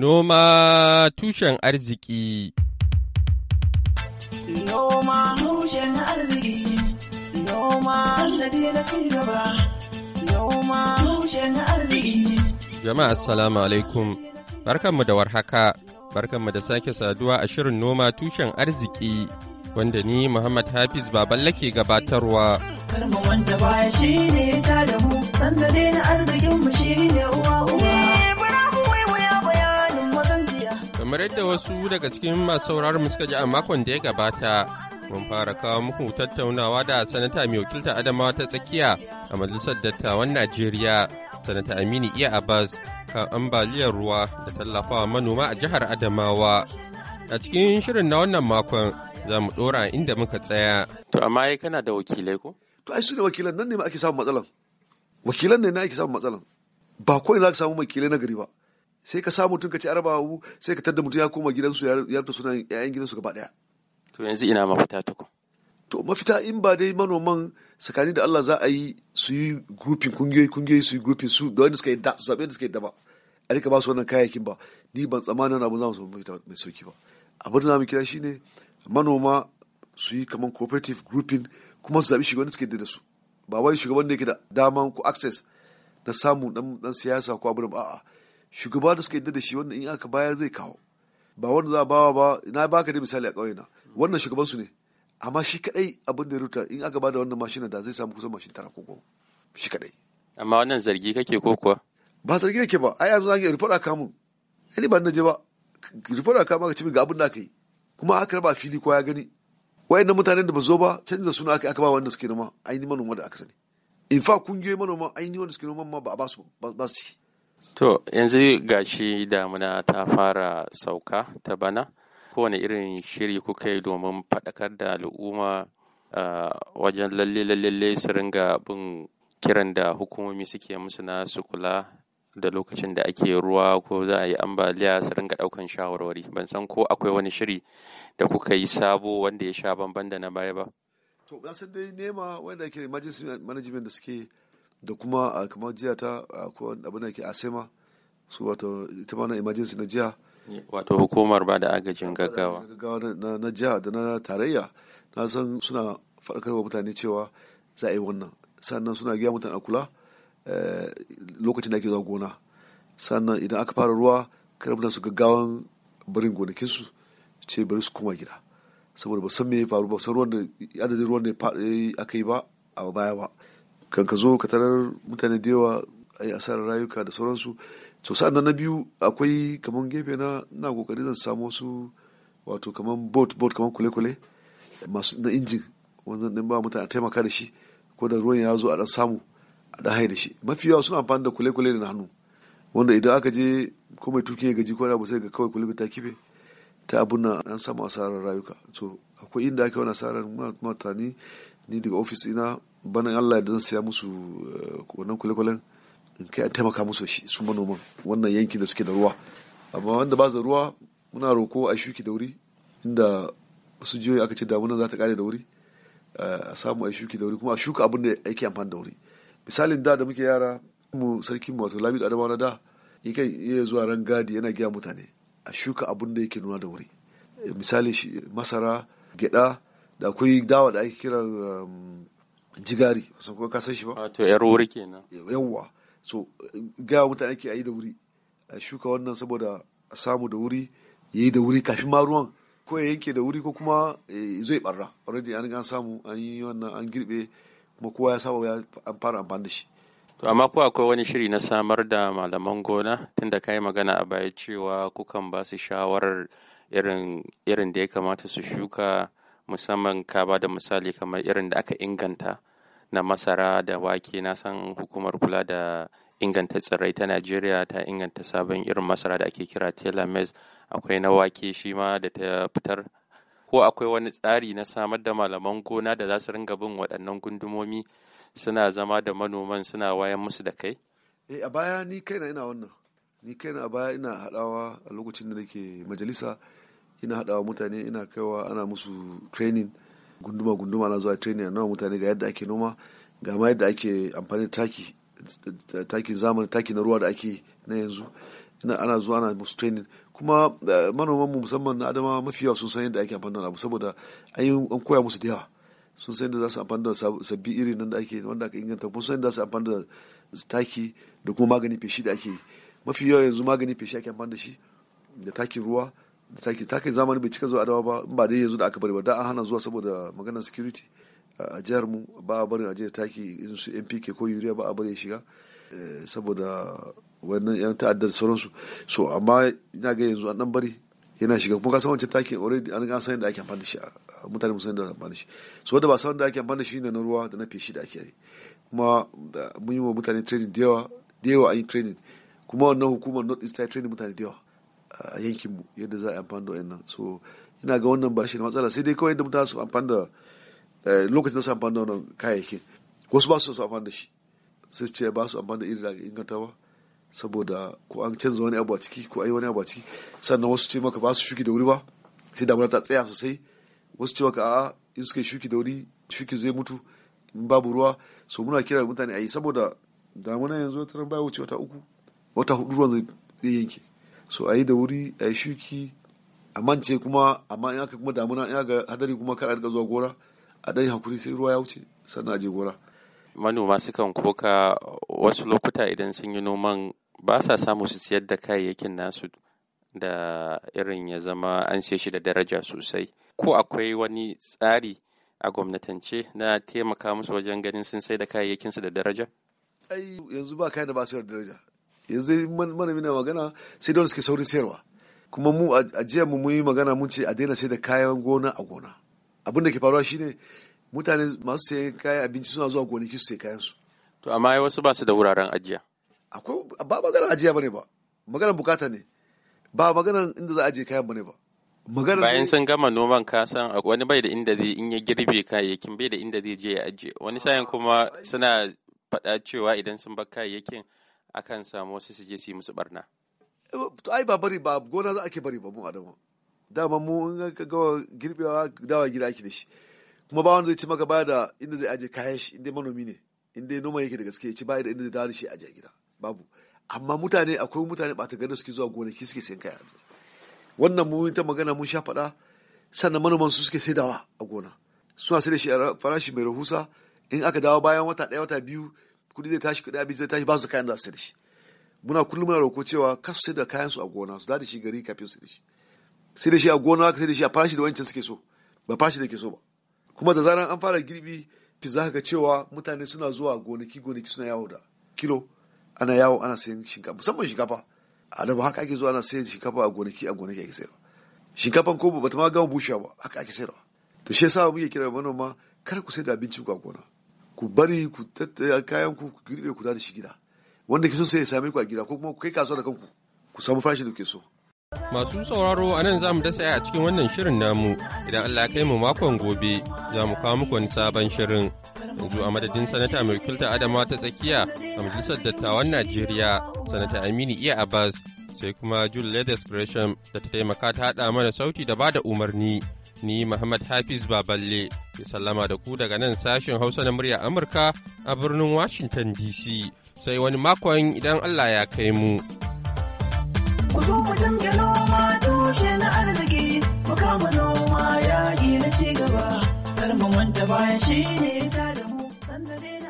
Noma tushen arziki Noma tushen arziki Noma sallade na ci gaba Noma tushen arziki Jama'a assalamu alaikum barkanmu da warhaka barkanmu da sake saduwa a shirin noma tushen arziki wanda ni Muhammad Hafiz baban lake gabatarwa. Karmu wanda baya shi ne ta da mu, sanda na arzikinmu shi ne uwa kamar yadda wasu daga cikin masu sauraron suka ji a makon da ya gabata mun fara kawo muku tattaunawa da sanata mai wakilta adamawa ta tsakiya a majalisar dattawan najeriya sanata aminu iya abbas kan ambaliyar ruwa da tallafawa manoma a jihar adamawa a cikin shirin na wannan makon za mu ɗora inda muka tsaya to amma ya kana da wakilai ko to ai su ne wakilan nan ne ma ake samun matsalan wakilan ne na ake samun matsalan ba ko ina ka samu wakilai na gari ba sai ka samu tun ka ci araba hu sai ka tadda mutum ya koma gidansu ya rufe sunan yayan gidansu gaba daya to yanzu ina mafita tukun to mafita in ba dai manoman tsakani da Allah za a yi su yi grouping kungiyoyi kungiyoyi su yi grouping su da wani suka yi da su zaɓe da suka yi da ba a rika ba su wannan kayayyakin ba ni ban tsammanin abu za mu samu mafita mai sauki ba abin da za mu kira shine manoma su yi kamar cooperative grouping kuma su zaɓi shugaban da suke da su ba wai shugaban da yake da dama ko access na samu dan siyasa ko abin a'a shugaba da suka yadda da shi wanda in aka bayar zai kawo ba wanda za a bawa ba na baka da misali a ƙauyena na wannan shugaban su ne amma shi kadai abin da ya ruta in aka bada wannan mashina da zai samu kusan mashin tara ko goma shi kadai amma wannan zargi kake ko kuwa ba zargi nake ba ai yanzu zaka report aka mun ni ba na je ba report aka maka cibi ga abin da aka yi kuma aka raba fili ko ya gani wayannan mutanen da ba zo ba canza suna aka aka ba wanda suke noma ainihin manoma da aka sani in fa kungiyoyin manoma ainihin wanda suke noma ma ba a ba su ciki To, yanzu gashi damuna ta fara sauka ta bana, kowane irin shiri kuka yi domin faɗakar da al'umma wajen lalle-lalle su ringa bin kiran da hukumomi suke musu na su kula da lokacin da ake ruwa ko za a yi ambaliya su ringa ɗaukan shawarwari. Ban san ko akwai wani shiri da kuka yi sabo wanda ya sha bamban da na baya ba. To, dai nema wanda ke management da suke da kuma kamar jiya ta ko abin da ke asema su wato ita ma na emergency na jiya wato hukumar ba da agajin gaggawa gaggawa na jiya da na tarayya na san suna faɗakar wa mutane cewa za a yi wannan sannan suna giya mutane a kula eh, lokacin da ake zuwa gona sannan idan aka fara ruwa kar mutane su gaggawan barin gonakinsu ce bari su koma gida saboda ba san me ya faru ba san ruwan da adadin ruwan da aka yi ba a baya ba kan ka zo ka tarar mutane da yawa a yi asarar rayuka da sauransu so sa'an na biyu akwai kamar gefe na na kokari zan samu wasu wato kamar boat boat kamar kule-kule masu na injin wanzan din ba mutane a taimaka da shi ko da ruwan ya zo a dan samu a dan haida da shi mafi yawa suna amfani da kule-kule da hannu wanda idan aka je ko mai tukin ya gaji ko da ba sai ga kawai kule ta kife ta abun an samu asarar rayuka so akwai inda ake yi wani asarar mutane ni daga ofis ina Banan Allah da zan siya musu eh, wannan kwale-kwalen in kai a taimaka musu su manoman wannan yankin da suke da ruwa amma wanda ba ruwa muna roko a shuki da wuri inda wasu jiyoyi aka ce damunan za ta kare da wuri eh, a samu a shuki da wuri kuma a shuka abin da ake amfani da wuri misalin da da muke yara mu Sarki wato lamido adama na da yake iya zuwa ran gadi yana gaya mutane a shuka abin da yake nuna da wuri misali masara gyada da akwai dawa da ake kira. Um, jigari so ko ka san shi ba ah, to yar wuri kenan yawwa so ga mutane ake yi da wuri a shuka wannan saboda a samu da wuri yayi da wuri kafin ma ruwan ko ya yanke da wuri ko kuma eh, zai barra already an an samu an yi wannan an girbe kuma kowa ya saba ya an fara amfani da shi to amma ko akwai wani shiri na samar da malaman gona tunda kai magana a baya cewa kukan ba su shawarar irin irin da ya kamata su shuka musamman ka ba da misali kamar irin da aka inganta na masara da wake na san hukumar kula da inganta tsirrai ta najeriya ta inganta sabon irin masara da ake kira telomeres akwai na wake shi ma da ta fitar ko akwai wani tsari na samar da malaman gona da za su ringa bin waɗannan gundumomi suna zama da manoman suna wayan musu da kai eh a baya ni kaina ina wannan ni kaina a baya ina haɗawa a lokacin da nake majalisa ina haɗawa mutane ina kaiwa ana musu training gunduma gunduma ana zuwa training ana mutane ga yadda ake noma ga ma yadda ake amfani taki takin zamani taki na ruwa da ake na yanzu ina ana zuwa ana musu training kuma eh, manoman mu musamman na adama mafi yawa sun san yadda ake amfani da abu saboda an yi an koya musu da yawa sun san yadda za su amfani da sabbi irin nan da ake wanda aka inganta kuma san yadda za su amfani da taki da kuma magani feshi da ake mafi yawa yanzu magani feshi ake amfani da shi da takin ruwa take take zamani bai cika zuwa adawa ba ba dai yanzu da aka bari ba da an hana zuwa saboda maganar security a jihar mu ba a barin ajiyar taki irin su mpk ko urea ba a bari ya shiga eh, saboda wannan yan ta'addar sauransu so amma ina ga yanzu an dan bari yana shiga kuma kasan wancan takin already an ga san da ake amfani da shi mutane musan da amfani da shi so da ba san da ake amfani da shi ne na ruwa da na feshi da ake yi kuma mun yi wa mutane training da yawa da yawa an yi training kuma wannan hukumar north east ta training mutane da yawa a yankinmu yadda za a yi amfani da wannan so ina ga wannan ba shi da matsala sai dai kawai yadda mutane su amfani da eh, lokacin da su amfani da wannan kayayyakin wasu ba su su amfani da shi sai su ce ba su amfani da iri da inganta ba saboda ko an canza wani abu a ciki ko ayi wani abu a ciki sannan wasu ce maka ba su shuki da wuri ba sai damuna ta tsaya sosai wasu ce maka a'a in suka shuki da wuri shuki zai mutu in babu ruwa so muna kira mutane a yi saboda damuna yanzu ta ran baya wuce wata uku wata hudu ruwan zai yanke so a yi da wuri a yi shuki a mance kuma amma in aka kuma damuna in aka hadari kuma kar a rika zuwa gora a dan hakuri sai ruwa ya wuce sannan a je gora manoma sukan koka wasu lokuta idan sun yi noman ba sa samu su siyar da kayayyakin nasu da irin ya zama an siya shi da daraja sosai ko akwai wani tsari a gwamnatance na taimaka musu wajen ganin sun sai da kayayyakinsu da daraja ai yanzu ba kayan da ba su da daraja yanzu mana mina magana sai don suke saurin sayarwa kuma mu a jiya mu yi magana mun ce a daina sai da kayan gona a gona abin da ke faruwa shine mutane masu sayan kayan abinci suna zuwa gonaki su sayi kayan su to amma wasu ba su da wuraren ajiya akwai ba magana ajiya bane ba magana bukata ne ba magana inda za a ajiye kayan bane ba magana bayan sun gama noman ka san wani bai da inda zai in ya girbe kayayyakin bai da inda zai je ya ajiye wani sayan kuma suna faɗa cewa idan sun bar kayayyakin akan samu wasu su je su yi musu barna ai ba bari ba gona za ake bari ba mu adamu dama mu in ka gawa girbewa dawa gida ake da shi kuma ba wanda zai ci maka baya da inda zai aje kayan shi inda manomi ne inda noma yake da gaske ci baya da inda zai dawo da shi aje gida babu amma mutane akwai mutane ba ta gani suke zuwa gonaki suke sayan kayan abinci wannan mu ta magana mun sha faɗa sannan manoman su suke saidawa a gona suna sai da shi a farashi mai rahusa in aka dawo bayan wata ɗaya wata biyu kudi zai tashi kudi abinci zai tashi ba su kayan da su da shi muna kullum muna roko cewa kasu su sai da kayan su a gona su da shi gari kafin su da shi sai da shi a gona ka sai da shi a farashi da wancan suke so ba farashi da ke so ba kuma da zaran an fara girbi fi za ka cewa mutane suna zuwa gonaki gonaki suna yawo da kilo ana yawo ana sayan shinkafa musamman shinkafa a da ba haka ake zuwa ana sayan shinkafa a gonaki a gonaki ake sayarwa shinkafan ko ba ta ma gama bushewa ba haka ake sayarwa to shi yasa muke kira manoma kar ku sai da abinci ku a gona ku bari ku tattaya kayan ku girbe ku da shi gida wanda ke so sai ya same ku a gida ko kuma ku kai kasuwa da kanku ku samu farashin da ke so Masu sauraro a nan za mu dasa a cikin wannan shirin namu idan Allah kai mu makon gobe za mu kawo muku wani sabon shirin. Yanzu a madadin sanata mai wakilta Adama ta tsakiya a majalisar dattawan Najeriya, sanata Aminu Iya Abbas sai kuma Jule Leathers Gresham da ta taimaka ta haɗa mana sauti da bada umarni. Ni Muhammad Hafiz Baballe ke sallama da ku daga nan sashen Hausa na murya Amurka a birnin Washington DC sai wani makon idan Allah ya kai mu. Ku zo mu dinga noma tushe na arziki, mu kama noma yaƙi na ci gaba, kar mu wanda bayan shi ne